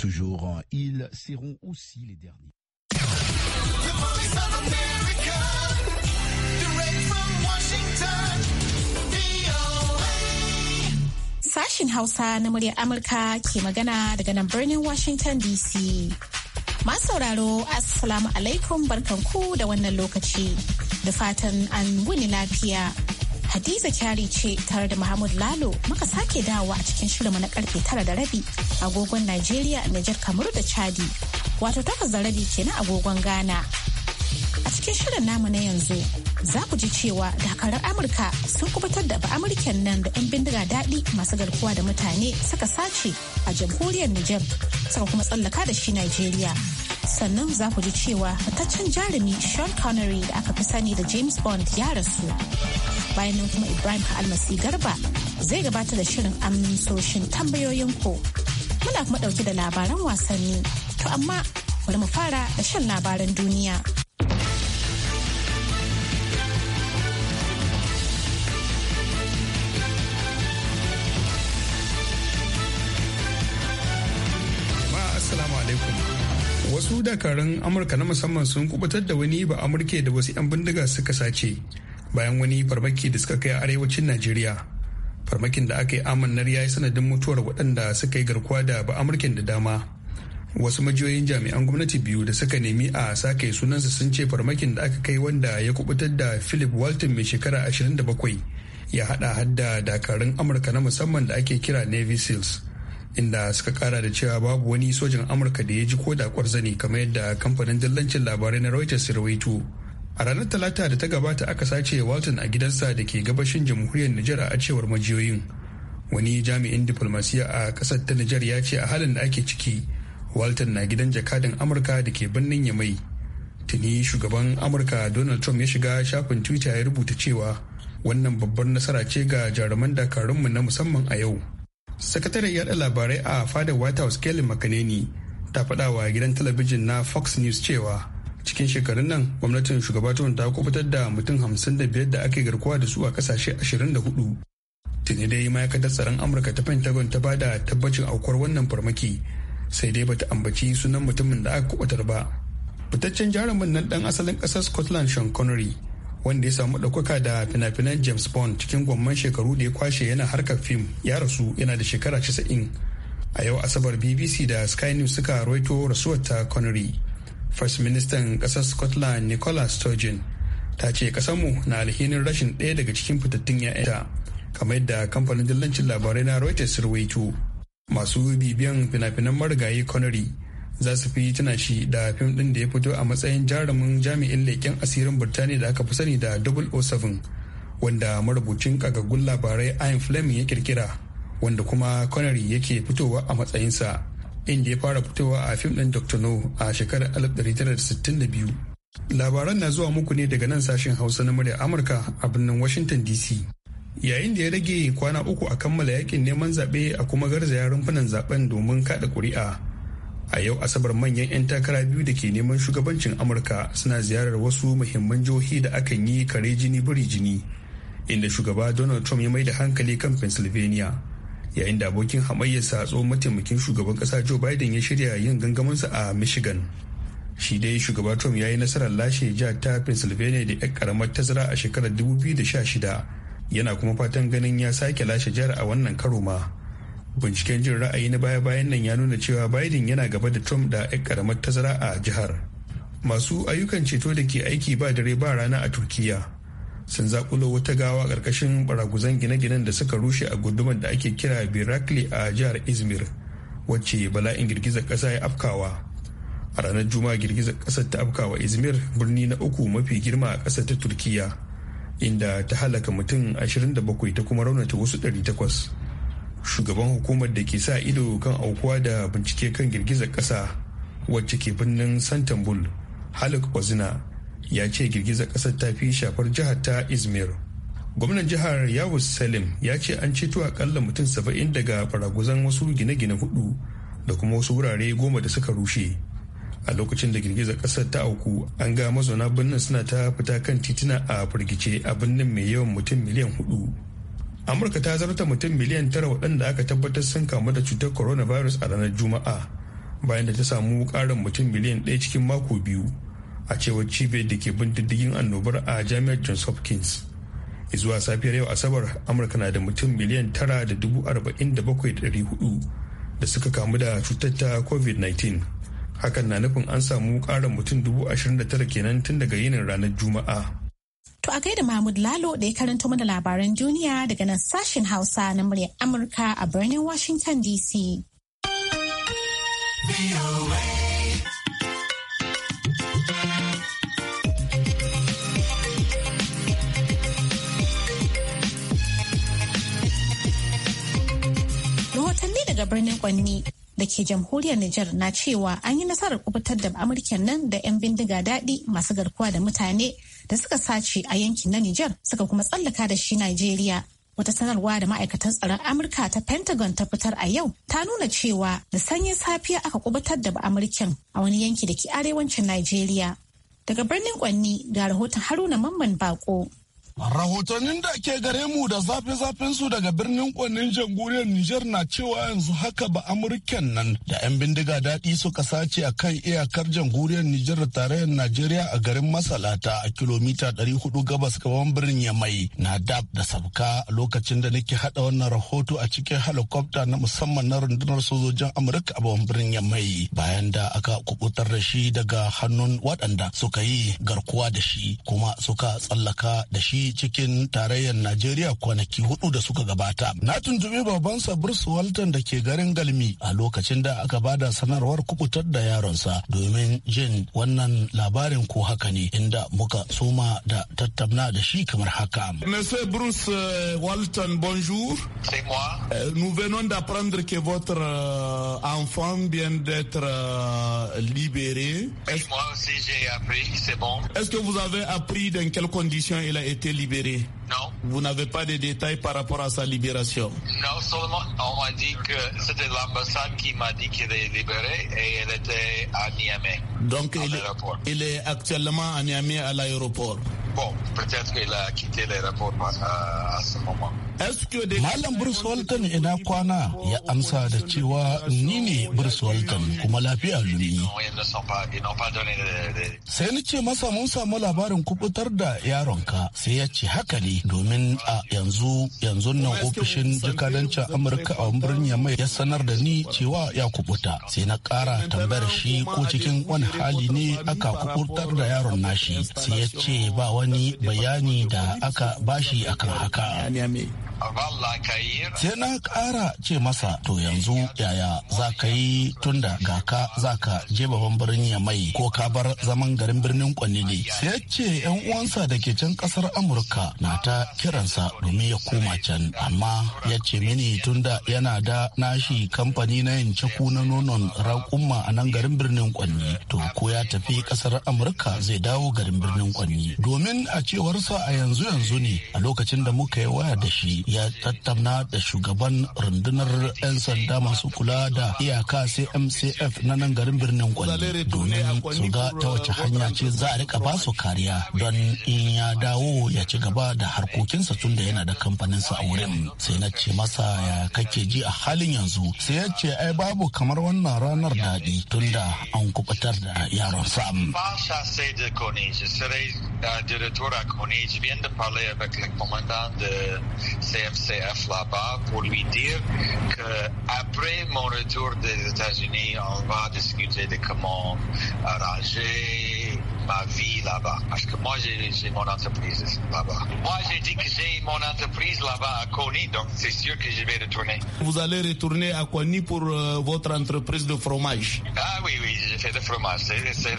toujours, ils seront aussi les derniers. Sashin Hausa na murya Amurka ke magana daga nan Burning Washington DC. Masu sauraro, Assalamu alaikum barkanku da wannan lokaci. Da fatan an wuni lafiya. Hadiza Kyari ce tare da Mahmud Lalo muka sake dawowa a cikin shirinmu na karfe tara da rabi agogon Najeriya, Nijar, Kamaru da Chadi. Wato takwas da rabi ke na agogon Ghana. A cikin shirin namu na yanzu za ku ji cewa dakarar Amurka sun kubutar da Amurken nan da 'yan bindiga daɗi masu garkuwa da mutane suka sace a jamhuriyar Nijar saka kuma tsallaka da shi Najeriya. sannan za ku ji cewa fitaccen jarumi Sean Connery da aka fi sani da James Bond ya rasu. Bayan nan kuma Ibrahim Almasi Garba zai gabata da shirin amsoshin tambayoyin ko Muna kuma ɗauke da labaran wasanni, to amma bari mu fara da shan labaran duniya. wasu dakarun amurka na musamman sun kubutar da wani ba amurke da wasu 'yan bindiga suka sace bayan wani farmaki da suka kai arewacin najeriya farmakin da aka yi amannar ya yi sanadin mutuwar waɗanda suka yi garkuwa da ba amurken da dama wasu majiyoyin jami'an gwamnati biyu da suka nemi a sake sunansa sun ce farmakin da aka kai wanda ya kubutar da philip walton mai shekara ashirin da bakwai ya hada hadda dakarun amurka na musamman da ake kira navy seals inda suka kara da cewa babu wani sojan amurka da ya ji ko da kwarzani kamar yadda kamfanin dillancin labarai na reuters ya rawaito a ranar talata da ta gabata aka sace walton a gidansa da ke gabashin jamhuriyar nijar a cewar majiyoyin wani jami'in diflomasiyya a kasar ta nijar ya ce a halin da ake ciki walton na gidan jakadin amurka da ke birnin yamai tuni shugaban amurka donald trump ya shiga shafin twitter ya rubuta cewa wannan babbar nasara ce ga jaruman dakarunmu na musamman a yau sakataren yada labarai a fadar white house kelly makaneni ta faɗa wa gidan talabijin na fox news cewa cikin shekarun nan gwamnatin shugaba ta kubutar da mutum hamsin da biyar da ake garkuwa da su a kasashe ashirin da hudu tuni dai ma'aikatar tsaron amurka ta pentagon ta bada tabbacin aukuwar wannan farmaki sai dai bata ambaci sunan mutumin da aka kubutar ba fitaccen jarumin nan dan asalin ƙasar scotland sean connery wanda ya samu ɗaukaka da fina-finan james bond cikin gwamman shekaru da ya kwashe yana harkar fim ya rasu yana da shekara 90 a yau asabar bbc da sky news suka roito rasuwar ta connery first ministan ƙasar scotland nicola sturgeon ta ce ƙasarmu na alhinin rashin ɗaya daga cikin fitattun 'ya'yanta kamar yadda kamfanin dillancin labarai na reuters ruwaito masu bibiyan fina-finan marigayi connery za su fi tuna shi da fim ɗin da ya fito a matsayin jarumin jami'in leƙen asirin Birtaniya da aka fi sani da 007 wanda marubucin kagaggun labarai Ian Fleming ya kirkira wanda kuma Connery yake fitowa a matsayinsa inda ya fara fitowa a fim ɗin Dr. No a shekarar 1962. Labaran na zuwa muku ne daga nan sashen Hausa na murya Amurka a birnin Washington DC. Yayin da ya rage kwana uku a kammala yakin neman zaɓe a kuma garza garzaya rumfunan zaɓen domin kaɗa ƙuri'a. a yau asabar manyan 'yan takara biyu da ke neman shugabancin amurka suna ziyarar wasu muhimman jihohi da akan yi kare jini biri jini inda shugaba donald trump ya mai da hankali kan pennsylvania yayin da abokin hamayyarsa tsohon mataimakin shugaban kasa joe biden ya shirya yin gangamansa a michigan shi dai shugaba trump ya yi nasarar lashe ja ta pennsylvania da 'yan karamar tazara a shekarar 2016 yana kuma fatan ganin ya sake lashe jihar a wannan karo ma binciken jin ra'ayi na baya-bayan nan ya nuna cewa biden yana gaba da trump da 'yan karamar tazara a jihar masu ayyukan ceto da ke aiki ba dare ba rana a turkiya sun zakulo wata gawa karkashin baraguzan gine-ginen da suka rushe a gudumar da ake kira birakli a jihar izmir wacce bala'in girgizar kasa ya afkawa a ranar juma'a girgizar kasar ta afkawa izmir birni na uku mafi girma a kasar ta turkiya inda ta halaka mutum 27 ta kuma raunata wasu 800 shugaban hukumar da ke sa ido kan aukuwa da bincike kan girgizar ƙasa wacce ke birnin santambul haluk ozina ya ce girgizar ƙasar ta fi shafar jihar ta izmir gwamnan jihar yawus salim ya ce an ceto akalla mutum saba'in daga faraguzan wasu gine-gine hudu da kuma wasu wurare goma da suka rushe a lokacin da girgizar ƙasar ta auku an ga mazauna birnin suna ta fita kan titina a firgice a birnin mai yawan mutum miliyan hudu amurka ta zarta mutum miliyan tara waɗanda aka tabbatar sun kamu da cutar coronavirus a ranar juma'a bayan da ta samu ƙarin mutum miliyan ɗaya cikin mako biyu a cewar cibiyar da ke bin diddigin annobar a jami'ar johns hopkins zuwa safiyar yau asabar amurka na da mutum miliyan tara da dubu arba'in da bakwai da ɗari hudu da suka kamu da cutar ta covid-19 hakan na nufin an samu ƙarin mutum dubu ashirin da tara kenan tun daga yinin ranar juma'a To a da Mahmud Lalo da ya karanta mana labaran duniya daga nan sashen Hausa na muryar Amurka a birnin Washington DC. Rahotanni daga birnin Kwanni da ke jamhuriyar Nijar na cewa an yi nasarar kubutar da Amurken nan da 'yan bindiga daɗi masu garkuwa da mutane da suka sace a yankin na Nijar suka kuma tsallaka da shi Najeriya. Wata sanarwa da ma'aikatan tsaron Amurka ta Pentagon ta fitar a yau ta nuna cewa da sanyin safiya aka kubutar da Amurken a wani yanki da ke arewacin Najeriya. Daga birnin Kwanni ga rahoton Haruna Mamman Bako. Rahotannin da ke gare mu da zafin zafin su daga birnin kwanin jamhuriyar Nijar na cewa yanzu haka ba Amurken nan da 'yan bindiga daɗi suka sace a kan iyakar jamhuriyar Nijar da tarayyar Najeriya a garin Masalata a kilomita 400 gabas gaban birnin Yamai na dab da sabka a lokacin da nake haɗa wannan rahoto a cikin helicopter na musamman na rundunar sojojin Amurka a babban birnin Yamai bayan da aka kubutar da shi daga hannun waɗanda suka yi garkuwa da shi kuma suka tsallaka da shi tafi cikin tarayyar Najeriya kwanaki hudu da suka gabata. Na tuntuɓi babansa Bruce Walton da ke garin Galmi a lokacin da aka bada sanarwar kubutar da yaronsa domin jin wannan labarin ko haka ne inda muka soma da tattauna da shi kamar haka. Monsieur Bruce eh, Walton, bonjour. C'est moi. Eh, nous venons d'apprendre que votre eh, enfant vient d'être libéré. Oui, moi aussi j'ai appris, c'est bon. Est-ce que vous avez appris dans quelles conditions il a été libéré Non. Vous n'avez pas de détails par rapport à sa libération Non, seulement on m'a dit que c'était l'ambassade qui m'a dit qu'il est libéré et elle était à Niamey. Donc il est, il est actuellement à Niamey à l'aéroport Bon, peut-être qu'il a quitté l'aéroport euh, à, à Malam Bruce Walton ina kwana ya amsa da cewa ni ne Bruce Walton kuma lafiya lumi. Sai ni ce masa mun samu labarin kubutar da yaronka sai ya ce haka ne domin a yanzu yanzu nan ofishin jikadancin Amurka a birnin Yamai ya sanar da ni cewa ya kubuta. Sai na kara tambayar shi ko cikin wani hali ne aka kubutar da yaron nashi sai ya ce ba wani bayani da aka bashi akan haka Sai na ƙara ce masa to yanzu yaya za ka yi tunda ga ka za ka je babban birnin ya mai ko ka bar zaman garin birnin kwanili Sai ya ce yan uwansa da ke can ƙasar Amurka na ta kiransa domin ya koma can amma ya ce mini tunda yana da nashi kamfani na yin caku na nonon raƙumma a nan garin birnin kwanni to ko ya tafi ƙasar Amurka zai dawo garin birnin kwanni domin a cewarsa a yanzu yanzu ne a lokacin da muka yi waya da shi ya tattauna da shugaban rundunar 'yan sanda masu kula da iyaka cmcf na nan garin birnin gwale domin su ga ta wace hanya ce za a rika ba su kariya don in ya dawo ya ci gaba da harkokinsa tun da yana da kamfaninsa a wurin sai na ce masa ya kake ji a halin yanzu sai ya ce ai babu kamar wannan ranar daɗi tun da an kubutar da yaron sam. sai da eh, da MCF là-bas pour lui dire qu'après mon retour des États-Unis, on va discuter de comment arranger ma vie là-bas. Parce que moi, j'ai mon entreprise là-bas. Moi, j'ai dit que j'ai mon entreprise là-bas à Coni donc c'est sûr que je vais retourner. Vous allez retourner à Coni pour euh, votre entreprise de fromage Ah oui, oui, j'ai fait de fromage. C'est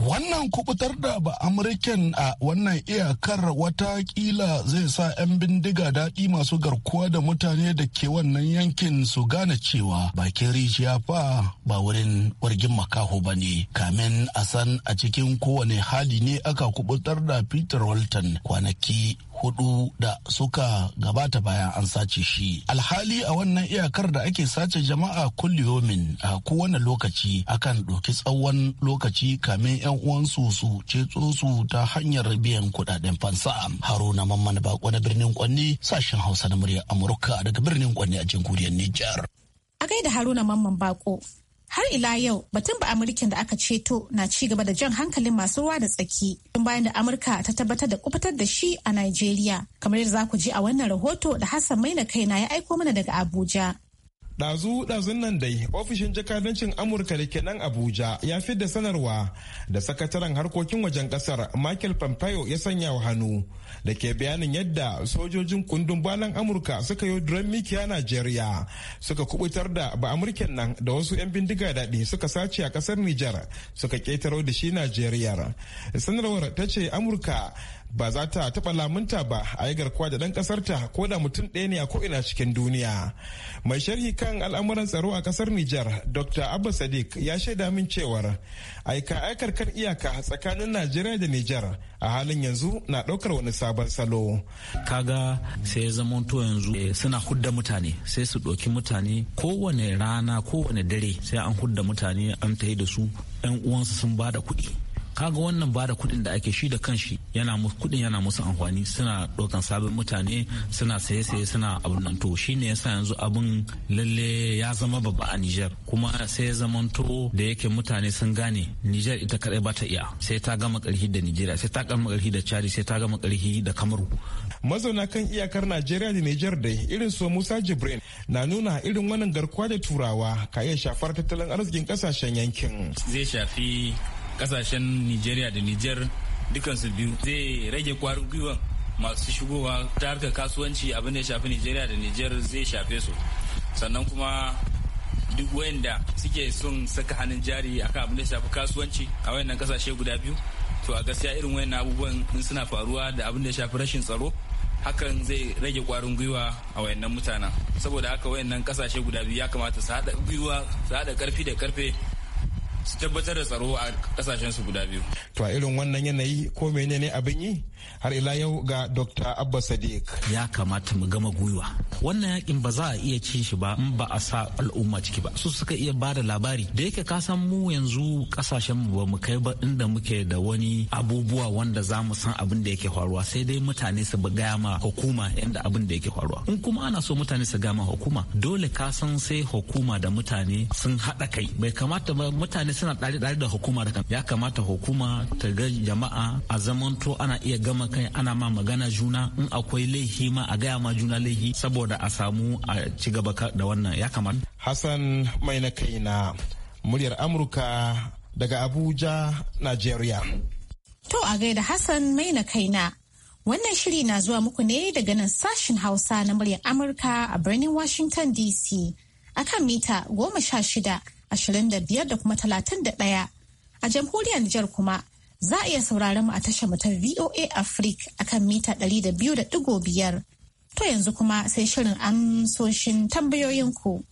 Wannan kubutar da ba Amurken a wannan iyakar wata kila zai sa 'yan bindiga daɗi masu garkuwa da mutane da ke wannan yankin su gane cewa bakin rijiya fa ba wurin wargin makaho ba ne kamin a san a cikin kowane wani hali ne aka kubutar da Peter Walton kwanaki hudu da suka gabata bayan an sace shi. Alhali a wannan iyakar da ake sace jama'a kulliyomin a kowane lokaci akan ɗauki tsawon lokaci kamin 'yan uwansu su ceto su ta hanyar biyan kuɗaɗen fansa. Haruna Mamman Bako na birnin Kwanni sashen Hausa na murya Amurka daga birnin Kwanni a jamhuriyar Nijar. A da Haruna Mamman Bako. har ila yau batun ba amurkin da aka ceto na ci gaba da jan hankalin masu ruwa da tsaki tun bayan da amurka ta tabbatar da kubutar da shi a nigeria kamar yadda za ku ji a wannan rahoto da hassan mai maina kaina ya aiko mana daga abuja Ɗazu ɗazun nan dai ofishin jakadancin Amurka da ke nan Abuja ya fi da sanarwa da sakataren harkokin wajen ƙasar Michael Pompeo ya sanya wa hannu da ke bayanin yadda sojojin kundin balan Amurka suka yi duran mikiya Najeriya suka kubutar da ba Amurken nan da wasu 'yan bindiga daɗi suka sace a ƙasar Nijar suka ƙetaro da shi Najeriya. Sanarwar ta ce Amurka ba za ta taɓa lamunta ba a yi garkuwa da ɗan ƙasarta ko da mutum ɗaya ne a ko'ina cikin duniya. Mai sharhi kan al'amuran tsaro a ƙasar Nijar, Dr. Abba Sadiq ya shaida min cewar aika aikar kan iyaka tsakanin Najeriya da Nijar a halin yanzu na ɗaukar wani sabon salo. Kaga sai ya zama to yanzu eh, suna hudda mutane sai su ɗauki mutane kowane rana kowane dare sai an hudda mutane an yi da su 'yan uwansu sun bada kuɗi. kaga wannan bada kuɗin da ake shi da kanshi yana kuɗin yana musu amfani suna ɗaukan sabon mutane suna saye saye suna abun nan to ne yasa yanzu abun lalle ya zama babba a Niger kuma sai ya to da yake mutane sun gane Niger ita kadai ba ta iya sai ta gama karhi da Nigeria sai ta gama karhi da Chad sai ta gama karhi da Kamaru mazauna kan iyakar Najeriya da Niger dai irin su Musa Jibrin na nuna irin wannan garkuwa da turawa ka iya shafar tattalin arzikin kasashen yankin zai shafi kasashen nigeria da niger dukansu biyu zai rage kwarin gwiwa masu shigowa ta harkar kasuwanci abin da ya shafi nigeria da niger zai shafe su sannan kuma duk wayanda suke son saka hannun jari akan abin da ya shafi kasuwanci a wayannan kasashe guda biyu to a gaskiya irin wayannan abubuwan in suna faruwa da abin da ya shafi rashin tsaro hakan zai rage kwarin gwiwa a wayannan mutanen saboda haka wayannan kasashe guda biyu ya kamata su haɗa gwiwa su haɗa karfi da karfe su tabbatar da tsaro a kasashen su guda biyu. To a irin wannan yanayi ko menene abin yi? Har ila yau ga Dr. Abba Sadiq. Ya kamata mu gama gwiwa. Wannan yakin ba za a iya ci shi ba in ba a sa al'umma ciki ba. Su suka iya ba da labari. Da yake ka san mu yanzu kasashen mu ba mu kai ba inda muke da wani abubuwa wanda za mu san abin da yake faruwa sai dai mutane su gaya ma hukuma inda abin da yake faruwa. In kuma ana so mutane su gama hukuma dole ka san sai hukuma da mutane sun haɗa kai. Bai kamata ba mutane suna ɗari-ɗari da hukuma da ya kamata hukuma ta ga jama'a a zamanto ana iya gama kai ana ma magana juna in akwai laihi ma a gaya ma juna laihi saboda a samu a ci gaba da wannan ya kamata. Hassan mai na kaina muryar Amurka daga Abuja, nigeria. To a gaida Hassan mai na kaina. Wannan shiri na zuwa muku ne daga nan sashen Hausa na muryar Amurka a birnin Washington DC akan mita goma sha shida. 25 da kuma 31. A jamhuriyar Nijar kuma za a iya sauraron mu a tashar mu ta VOA Africa akan mita 200.5. To yanzu kuma sai shirin amsoshin tambayoyin ku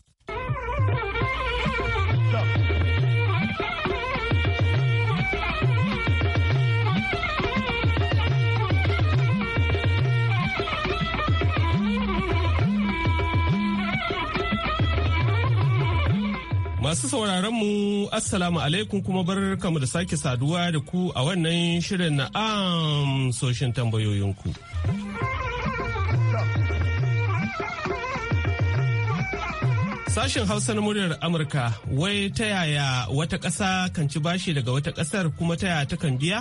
Masu sauraron mu Assalamu alaikum kuma bar kamu da sake saduwa da ku a wannan shirin na amsoshin tambayoyinku. Sashen Hausa na muryar Amurka wai ta yaya wata ƙasa kan ci bashi daga wata ƙasar kuma ta yaya takan biya?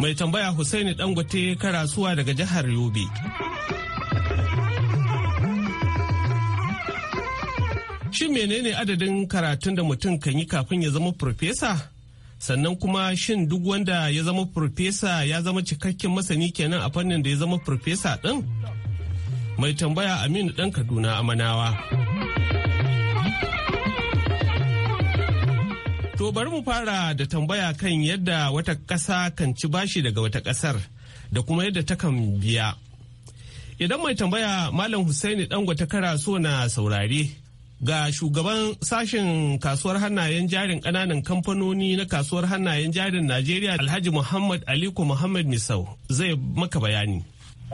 Mai tambaya Hussaini Dangote karasuwa daga jihar Yobe. Shin menene adadin karatun da mutum kan yi kafin ya zama profesa? Sannan kuma shin duk wanda ya zama profesa ya zama cikakken masani kenan a fannin da ya zama profesa ɗin? Mai tambaya Aminu ɗan Kaduna Amanawa. To bari mu fara da tambaya kan yadda wata ƙasa kan ci bashi daga wata ƙasar da kuma yadda ta kan biya. Idan mai tambaya Malam Hussaini ɗan kara so na saurare. ga shugaban sashen kasuwar hannayen jarin kananan kamfanoni na kasuwar hannayen jarin najeriya alhaji muhammad aliko muhammad misau zai maka bayani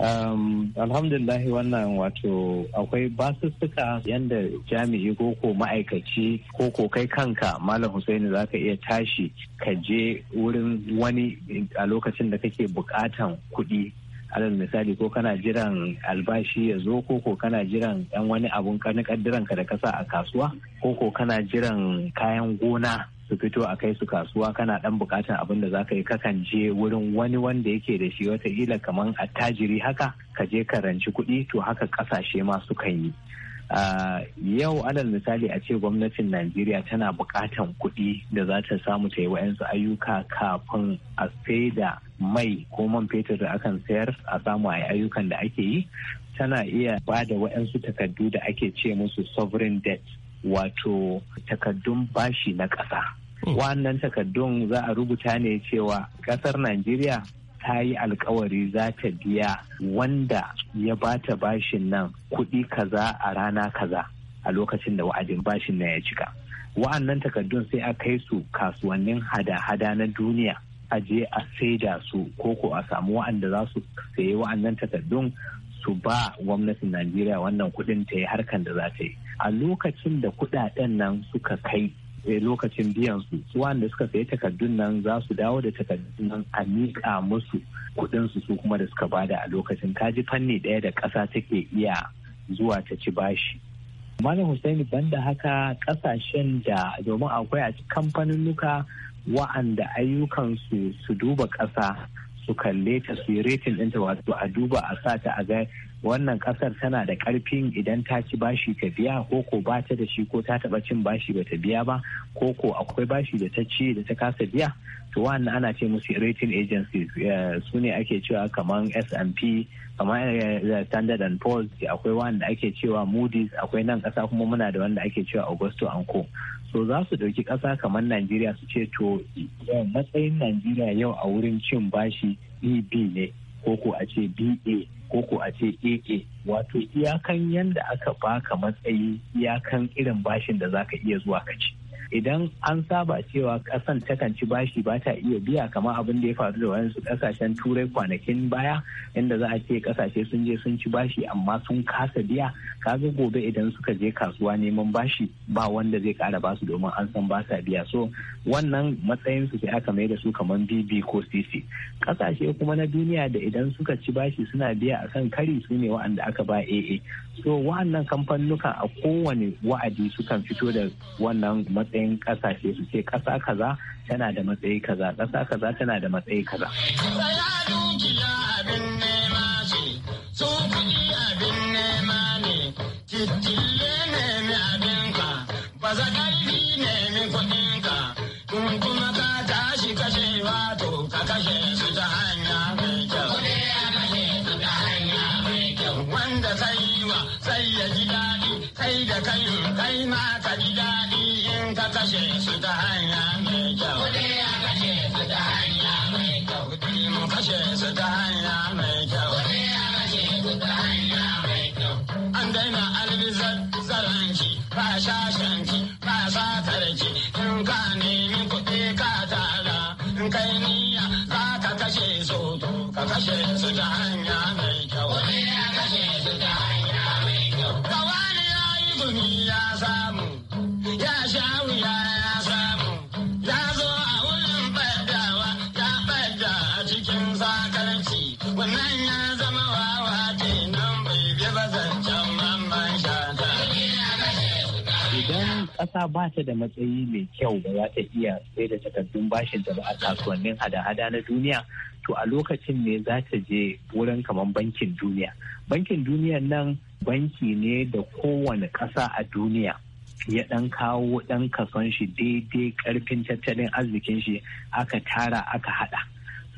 Um, alhamdulillah wannan wato akwai basussuka yadda jami'i ko ko ma'aikaci ko ko kai kanka malam Hussaini za ka iya tashi ka je wurin wani a lokacin da kake bukatan kuɗi alal misali ko kana jiran albashi ya zo ko ko kana jiran yan wani abun kaddiran ka da kasa a kasuwa ko ko kana jiran kayan gona su fito a kai su kasuwa kana dan bukatan abin da za ka yi kakan je wurin wani wanda yake da shi wataƙila kaman attajiri haka ka je ka ranci kuɗi to haka ƙasashe ma su sukan yi yau alal misali a ce gwamnatin najeriya tana bukatan kuɗi da za ta samu ta yi wa'yansu ayyuka kafin a da mai ko man fetur da akan sayar a samu a ayyukan da ake yi tana iya ba da wa'yansu takardu da ake ce musu sovereign debt wato takardun bashi na ƙasa. Hmm. wannan takardun za a rubuta ne cewa ƙasar Najeriya ta yi alkawari za ta biya wanda ya bata bashin nan kuɗi kaza a rana kaza a lokacin da wa'adin bashin na ya cika wa'annan takardun sai a kai su kasuwannin hada-hada na duniya a je a saida su ko a samu wa'anda za su sayi wa'annan takardun su ba gwamnatin najeriya wannan kuɗin ta yi harkan da za ta yi a lokacin da kuɗaɗen nan suka kai Eh, lokacin biyan su su wanda suka sayi takardun nan za su dawo da takardun nan a miƙa musu kuɗin su su kuma da suka bada a lokacin ji fanni ɗaya da ƙasa take iya zuwa ta ci bashi malam Hussaini banda haka ƙasashen da domin akwai a nuka wa'anda ayyukansu su duba ƙasa su kalle ta su yi retin ɗinta wato a duba a sata a ga wannan kasar tana da karfin idan ta ci bashi ta biya ko ko ba ta da shi ko ta taba cin bashi ba ta biya ba ko ko akwai bashi da ta ci da ta kasa biya to wannan ana ce musu rating agencies eh, su ne ake cewa kamar S&P kamar eh, eh, Standard and Poor's akwai wanda ake cewa Moody's akwai nan kasa kuma muna da wanda ake cewa Augusto Anko so za su dauki kasa kamar Najeriya su ce to matsayin Najeriya yau a wurin cin bashi EB ne ko ko a ce BA Koko a ce keke wato iyakan yanda aka baka matsayi iyakan irin bashin da zaka iya zuwa ka ci idan an saba cewa kasan takan ci bashi ba ta iya biya kamar abin da ya faru da wayansu kasashen turai kwanakin baya inda za a ce kasashe sun je sun ci bashi amma sun kasa biya kaga gobe idan suka je kasuwa neman bashi ba wanda zai kara basu domin an san ba sa biya so wannan matsayin su sai aka mai da su kamar bb ko cc kasashe kuma na duniya da idan suka ci bashi suna biya akan kari su ne wa'anda aka ba aa so wannan kamfanuka a kowane wa'adi sukan fito da wannan matsayin kasashe su ce kasa kaza tana da matsayi kaza kasa kaza tana da matsayi kaza Kun kuma ka tashi kashewa to ka kashe su ta hanyar kashe su ta hanyar ƙasa ba ta da matsayi mai kyau ba za ta iya sai da takardun bashin da ba a kasuwannin hada-hada na duniya to a lokacin ne za ta je wurin kamar bankin duniya bankin duniya nan banki ne da kowane ƙasa a duniya ya ɗan kawo ɗan kason shi daidai karfin tattalin arzikin shi aka tara aka hada?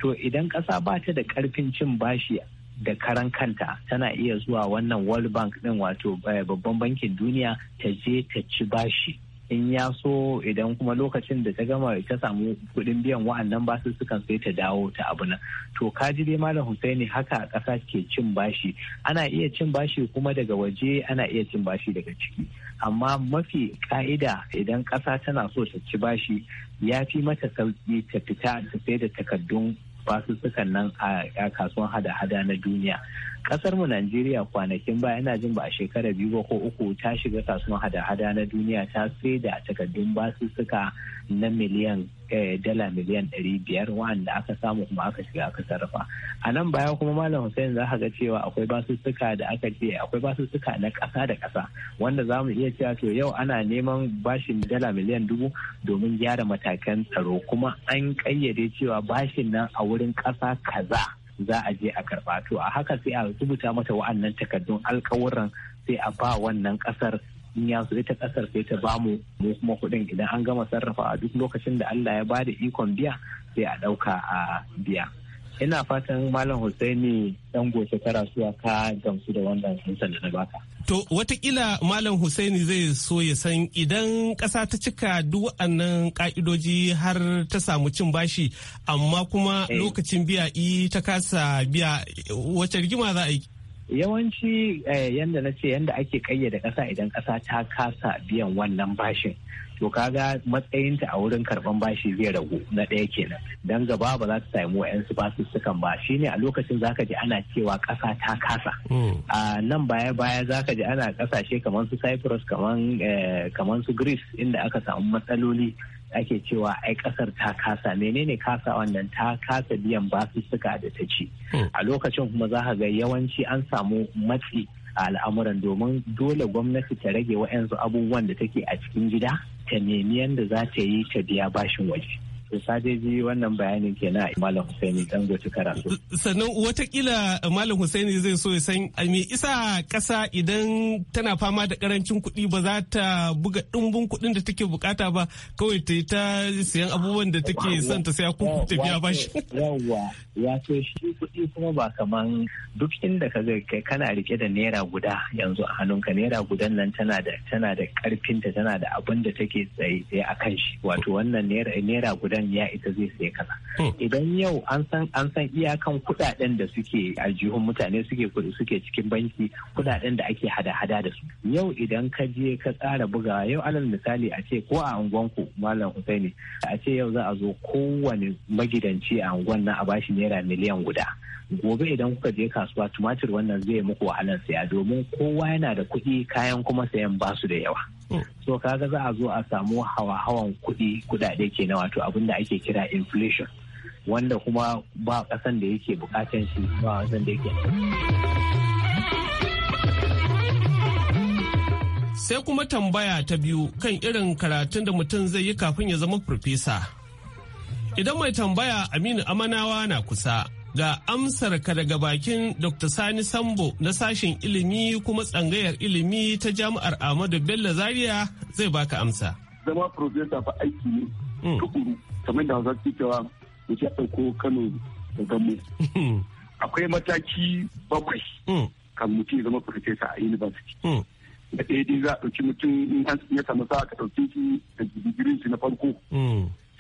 to idan ƙasa ba ta da karfin cin bashi da karan kanta tana iya zuwa wannan world bank din wato eh, babban bankin duniya ta je ta ci bashi in ya so idan kuma lokacin da ta gama ta samu kudin biyan wa'annan basu sukan sai ta dawo ta abu nan to kaji dai malam husaini haka a ƙasa ke cin bashi ana iya cin bashi kuma daga waje ana iya cin bashi daga ciki amma mafi ka'ida idan ƙasa tana so ta ci bashi ya fi mata sauki ta fita ta sai da takardun basussukan nan a kasuwan hada-hada na duniya kasar mu Najeriya kwanakin baya ina jin ba a shekara biyu ba ko uku ta shiga kasuwan hada-hada na duniya ta sai da takardun basussuka na miliyan eh, dala miliyan ɗari biyar wanda aka samu kuma aka shiga aka sarrafa a nan baya kuma malam hussein za ka ga cewa akwai basussuka da aka ce akwai basussuka na kasa da kasa wanda za mu iya cewa to yau ana neman bashin dala miliyan dubu domin gyara matakan tsaro kuma an kayyade cewa bashin nan a wurin ƙasa kaza za a je a karɓa to a haka sai a rubuta mata wa'annan takardun alkawuran sai a ba wannan ƙasar in ya so ita ƙasar sai ta bamu mu kuma kuɗin idan an gama sarrafa a duk lokacin da Allah ya bada ikon biya sai a ɗauka a biya. ina fatan malam Hussaini dan goce karasuwa ka gamsu da wannan amsar da na baka to watakila malam Hussaini zai so ya san idan ƙasa ta cika duk wa'annan ka'idoji har ta samu cin bashi amma kuma eh. lokacin biya i ta kasa biya wace rigima za a yi yawanci eh, yadda na ce yadda ake kayyade ƙasa idan ƙasa ta kasa biyan wannan bashin to kaga matsayinta a wurin karban bashi zai ragu na ɗaya kenan dan gaba ba za ta samu wa'yansu su sukan ba shi ne a lokacin zaka ji ana cewa ƙasa ta kasa hmm. a nan baya baya zaka ji ana ƙasashe kamar su cyprus eh, kamar su greece inda aka samu matsaloli ake cewa ai kasar ta kasa menene kasa wannan ta kasa biyan basussuka da ta ci hmm. a lokacin kuma za ga yawanci an samu matsi a al'amuran domin dole gwamnati ta rage wa'yansu abubuwan da take a cikin gida ta nemi yadda za ta yi ta biya bashin waje. da sadeji wannan bayanin kenan malam husaini dangote karatu sannan watakila malam husaini zai so ya san me isa kasa idan tana fama da karancin kuɗi ba za ta buga ɗumbun kuɗin da take bukata ba kawai ta yi ta siyan abubuwan da take son ta saya ko tafiya ba shi yawwa wato shi kuɗi kuma ba kaman duk inda ka ga kana rike da naira guda yanzu a hannunka naira gudan nan tana da tana da karfin ta tana da abin da take tsaye tsaye kan shi wato wannan naira guda wani ya isa zai saya kaza hmm. idan yau an san an san iyakan kudaden da suke a jihun mutane suke suke cikin banki kudaden da ake hada-hada da su yau idan ka je ka tsara bugawa yau alal misali a ce ko a unguwanku malam Husaini a ce yau za a zo kowane magidanci a unguwan nan a bashi naira miliyan guda gobe idan kuka je kasuwa tumatir wannan zai muku wahalar saya domin kowa yana da kuɗi kayan kuma sayan su da yawa hmm. so kaga za a zo a samu hawa-hawan kuɗi kuɗaɗe ke na wato abin da ake kira inflation wanda kuma ba ƙasan da yake bukatan shi ba ƙasan da yake sai kuma tambaya ta biyu kan irin karatun da mutum zai yi kafin ya zama farfesa idan mai tambaya aminu amanawa na kusa ga amsar ka daga bakin Dr. Sani Sambo na sashen ilimi kuma tsangayar ilimi ta jami'ar Ahmadu Bello Zaria zai baka amsa. Zama profesa fa aiki ne hmm. tukuru kamar da za su cewa mu ce ɗauko Kano da Gambo. Hmm. Akwai mataki bakwai hmm. kan mutum zama profesa a university. Da ɗaya dai za a ɗauki mutum in ya samu sa ka ɗauki shi da digirin shi na farko.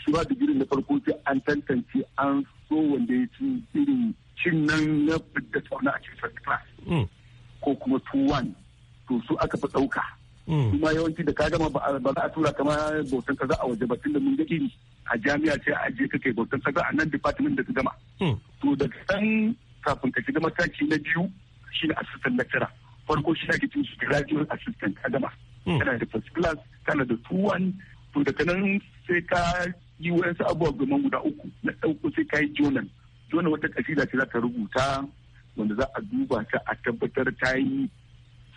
shi ba digirin na farko sai an tantance an so wanda ya ci irin cin nan na fidda tsauna a cikin first class mm. ko kuma 2-1 to su aka fi ɗauka mm. kuma yawanci da ka gama ba za a tura kama bautan kaza a waje ba tun da mun ga iri a jami'a ce a je kake bautan kaza a nan department da ka gama mm. to daga kan kafin ka shiga mataki na biyu shi ne assistant lecturer farko shi ake cin shi graduate assistant ka gama kana da first class kana da 2-1 to daga nan sai ka yi wayansu abubuwa goma guda uku na ɗauko sai ka yi jonan jona wata kasida ce za ta rubuta wanda za a duba ta a tabbatar ta yi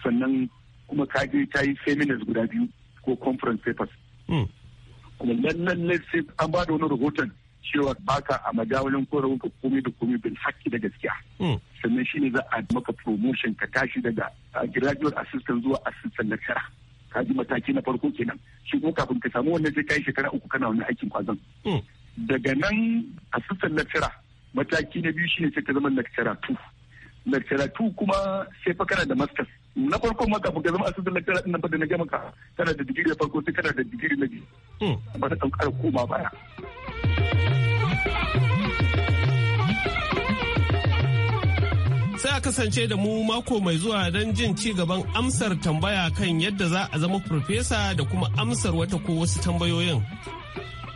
sannan kuma ka je ta yi seminars guda biyu ko conference papers hmm. kuma lallai an ba da wani rahoton cewa baka a madawalin ko ka komai da komai bin haƙƙi da gaskiya hmm. sannan shine za a maka promotion ka tashi daga graduate assistant zuwa assistant lecturer ka ji mataki na farko kenan shi ko kafin ka samu wannan sai ka yi shekara uku kana wannan aikin kwazon hmm. daga nan asistan lecturer mataki na biyu shine sai ka zama lecturer 2 lecturer 2 kuma sai fa kana da masters na farko ma kafin ka zama asistan lecturer din nan fa da na gama ka kana da digiri na farko sai kana da digiri na biyu hmm. ba ta kan ƙara koma baya sai a kasance da mu mako mai zuwa don jin ci gaban amsar tambaya kan yadda za a zama farfesa da kuma amsar wata ko wasu tambayoyin.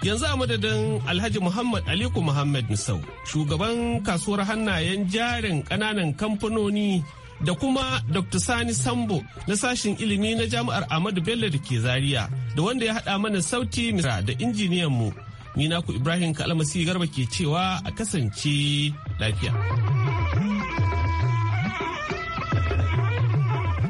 Yanzu a madadin Alhaji Muhammad Aliku Muhammad Misau, shugaban kasuwar hannayen jarin ƙananan kamfanoni da kuma Dr. Sani Sambo na sashen ilimi na jami'ar Ahmadu Bello da ke Zaria da wanda ya haɗa mana sauti da injiniyan mu. Ni naku Ibrahim Kalmasi Garba ke cewa a kasance lafiya.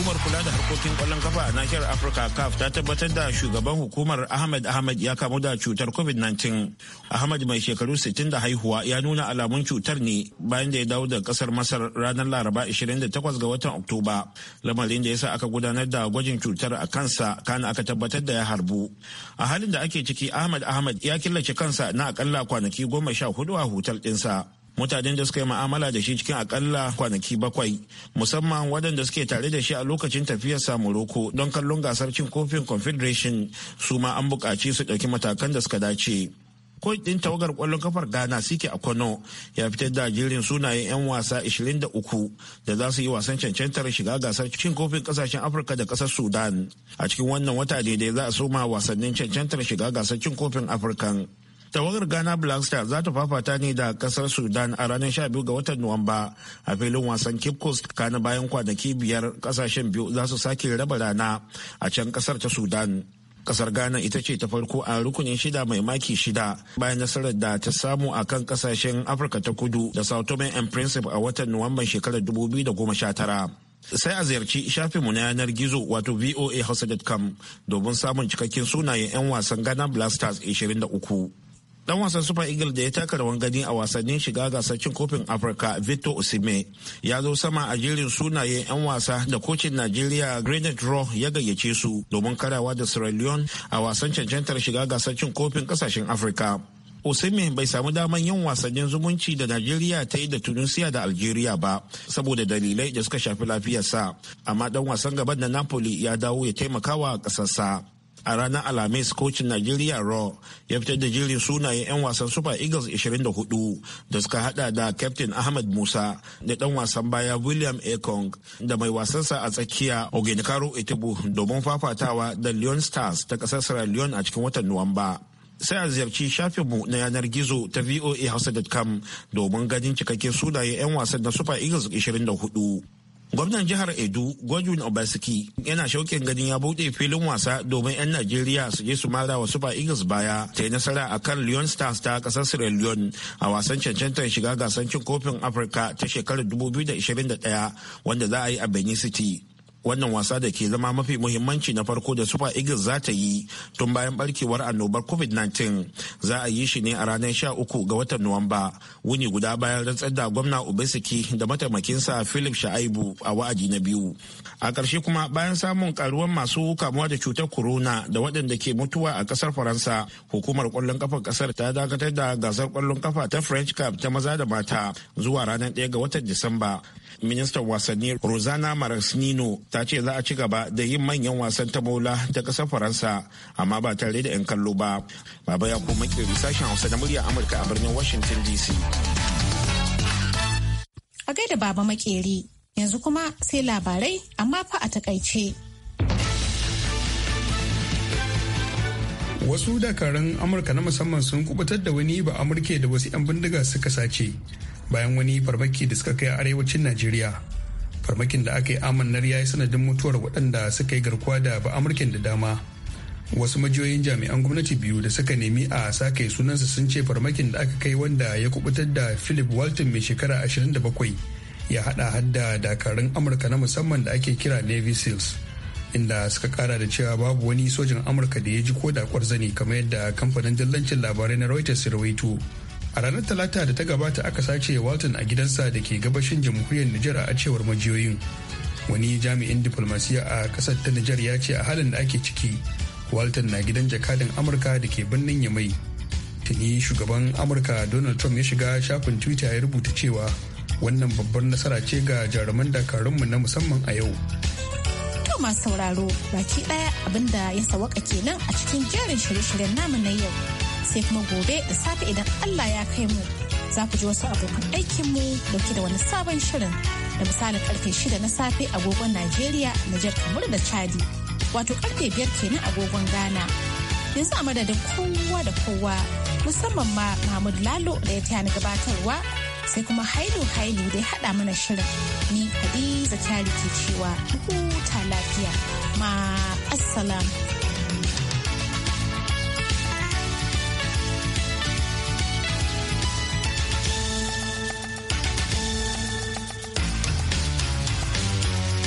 hukumar kula da harkokin kwallon kafa a nahiyar afirka caf ta tabbatar da shugaban hukumar ahmed ahmed ya kamu da cutar covid-19 ahmed mai shekaru 60 da haihuwa ya nuna alamun cutar ne bayan da ya dawo da kasar masar ranar laraba 28 ga watan oktoba lamarin da ya sa aka gudanar da gwajin cutar a kansa kana aka tabbatar da ya harbu a halin da ake ciki ahmed ahmed ya killace kansa na akalla kwanaki goma sha hudu a hutar sa. mutanen da suka yi ma'amala da shi cikin akalla kwanaki bakwai musamman waɗanda suke tare da shi a lokacin tafiyarsa morocco don kallon gasar cin kofin confederation su ma an buƙaci su ɗauki matakan da suka dace ko ɗin tawagar ƙwallon kafar ghana sike a ya fitar da jirin sunayen 'yan wasa 23 da za su yi wasan cancantar shiga gasar cin kofin ƙasashen afirka da ƙasar sudan a cikin wannan wata daidai za a soma wasannin cancantar shiga gasar cin kofin afirka. tawagar ghana black star za ta fafata ne da kasar sudan a ranar 12 ga watan nuwamba a filin wasan cape coast kana bayan kwanaki biyar kasashen biyu za su sake raba rana a can kasar ta sudan kasar ghana ita ce ta farko a rukunin shida mai maki shida bayan nasarar da ta samu a kan kasashen afirka ta kudu da sao tome and principe a watan nuwamban shekarar 2019 sai a ziyarci shafinmu na yanar gizo wato voa voahausa.com domin samun cikakken sunayen 'yan wasan Ghana Blasters 23. dan wasan super eagle da ya taka rawan gani a wasannin shiga gasar cin kofin afirka victor osime ya zo sama a jerin sunayen 'yan wasa da kocin najeriya granite raw ya gayyace su domin karawa da sierra leone a wasan cancantar shiga gasar cin kofin kasashen afirka Osimhen bai samu daman yin wasannin zumunci da Najeriya ta yi da Tunisia da Algeria ba saboda dalilai da suka shafi lafiyarsa amma dan wasan gaban na Napoli ya dawo ya taimakawa kasarsa a ranar alhamis kocin najeriya raw ya fitar da jirin sunayen 'yan wasan super eagles 24 da suka hada da captain ahmad musa da dan wasan baya william ekong da mai wasansa a tsakiya ogenikaro etibu domin fafatawa da leon stars ta kasar sierra leone a cikin watan nuwamba sai a ziyarci shafinmu na yanar gizo ta voa hausa.com domin ganin cikakken sunayen 'yan wasan na super eagles 24 gwamnan jihar edo gwajun obasiki yana shauƙin ganin ya buɗe filin wasa domin 'yan najeriya su je su mara wa super eagles baya ta yi nasara a kan leon stars ta ƙasar sierra leone a wasan cancantar shiga gasar cin kofin afirka ta shekarar 2021 wanda za a yi a benin city wannan wasa da ke zama mafi muhimmanci na farko da super eagles za ta yi tun bayan barkewar annobar covid-19 za a yi shi ne a ranar 13 ga watan nuwamba wuni guda bayan rantsar da gwamna obesiki da mataimakinsa philip sha'aibu a wa'adi na biyu a ƙarshe kuma bayan samun karuwan masu kamuwa da cutar corona da waɗanda ke mutuwa a ƙasar faransa hukumar ƙwallon kafar ƙasar ta dakatar da gasar ƙwallon kafa ta french cup ta maza da mata zuwa ranar 1 ga watan disamba ministan wasanni rosana marasnino ta ce za a ci gaba da yin manyan wasan ta maula ta ƙasar faransa amma ba tare da 'yan kallo ba baba ya kuma kiri sashen hausa na murya amurka a birnin washington dc a gaida baba makeri yanzu kuma sai labarai amma fa a takaice wasu dakarun amurka na musamman sun kubutar da wani ba amurke da wasu 'yan bindiga suka sace bayan wani farmaki da suka kai arewacin najeriya farmakin da aka yi amannar ya yi sanadin mutuwar waɗanda suka yi garkuwa da ba amurken da dama wasu majiyoyin jami'an gwamnati biyu da suka nemi a sake sunansa sun ce farmakin da aka kai wanda ya kubutar da philip walton mai shekara 27 ya hada hadda dakarun amurka na musamman da ake kira navy seals inda suka kara da cewa babu wani sojin amurka da ya ji ko da kwarzani kamar yadda kamfanin dillancin labarai na reuters rawaito a ranar talata da ta gabata aka sace walton a gidansa da ke gabashin jamhuriyar nijar a cewar majiyoyin wani jami'in diplomasiya a kasar ta nijar ya ce a halin da ake ciki walton na gidan jakadan amurka da ke birnin yamai tuni shugaban amurka donald trump ya shiga shafin twitter ya rubuta cewa wannan babbar nasara ce ga jaruman dakarunmu na musamman a yau masu sauraro baki daya abinda ya sawaka kenan a cikin jerin shirye-shiryen namu na yau sai kuma gobe da safe idan Allah ya kai mu za ku ji wasu abokan aikinmu dauke da wani sabon shirin da misali karfe shida na safe agogon Najeriya, jar kamar da Chadi wato karfe biyar kenan agogon Ghana. Yanzu a madadin kowa da kowa musamman ma Mahmud Lalo da ya taya ni gabatarwa sai kuma hailu hailu da ya haɗa mana shirin ni Hadiza Kyari ke cewa huta lafiya ma assalamu.